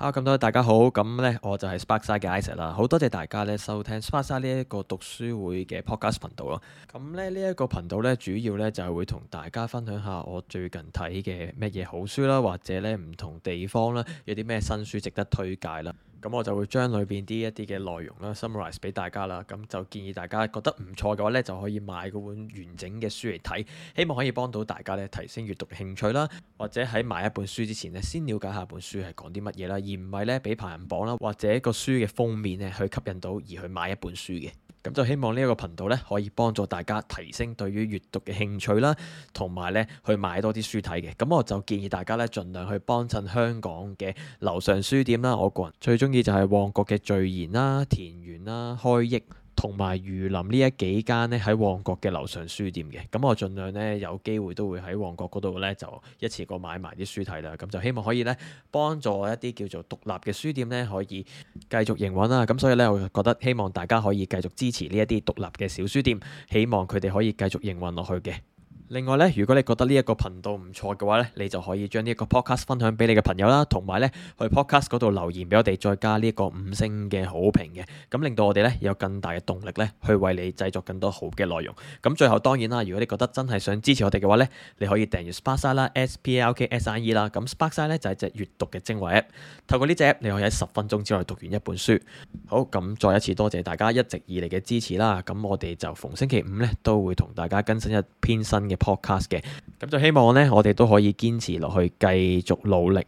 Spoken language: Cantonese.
Hello 咁多位，大家好。咁呢我就係 Sparkside 嘅 Isaac 啦。好多謝大家咧收聽 Sparkside 呢一個讀書會嘅 Podcast 頻道咯。咁咧呢一個頻道呢，主要呢就係會同大家分享下我最近睇嘅乜嘢好書啦，或者呢唔同地方啦有啲咩新書值得推介啦。咁我就會將裏邊啲一啲嘅內容啦，summarise 俾大家啦。咁就建議大家覺得唔錯嘅話呢，就可以買嗰本完整嘅書嚟睇。希望可以幫到大家呢提升閱讀興趣啦，或者喺買一本書之前呢，先了解下本書係講啲乜嘢啦，而唔係呢俾排行榜啦，或者個書嘅封面呢去吸引到而去買一本書嘅。咁就希望呢一個頻道咧，可以幫助大家提升對於閱讀嘅興趣啦，同埋咧去買多啲書睇嘅。咁我就建議大家咧，盡量去幫襯香港嘅樓上書店啦。我個人最鍾意就係旺角嘅聚賢啦、田園啦、開益，同埋榆林呢一幾間咧，喺旺角嘅樓上書店嘅。咁我盡量咧有機會都會喺旺角嗰度咧就一次過買埋啲書睇啦，咁就希望可以咧幫助一啲叫做獨立嘅書店咧可以繼續營運啦。咁所以咧我覺得希望大家可以繼續支持呢一啲獨立嘅小書店，希望佢哋可以繼續營運落去嘅。另外咧，如果你覺得呢一個頻道唔錯嘅話咧，你就可以將呢一個 podcast 分享俾你嘅朋友啦，同埋咧去 podcast 度留言俾我哋，再加呢一個五星嘅好評嘅，咁令到我哋咧有更大嘅動力咧去為你製作更多好嘅內容。咁最後當然啦，如果你覺得真係想支持我哋嘅話咧，你可以訂閱 Sparksie 啦，S P A R K S I E 啦，咁 Sparksie 咧就係隻閱讀嘅精華 app，透過呢隻 app 你可以喺十分鐘之內讀完一本書。好，咁再一次多謝大家一直以嚟嘅支持啦，咁我哋就逢星期五咧都會同大家更新一篇新嘅 podcast 嘅，咁就希望咧，我哋都可以堅持落去，繼續努力。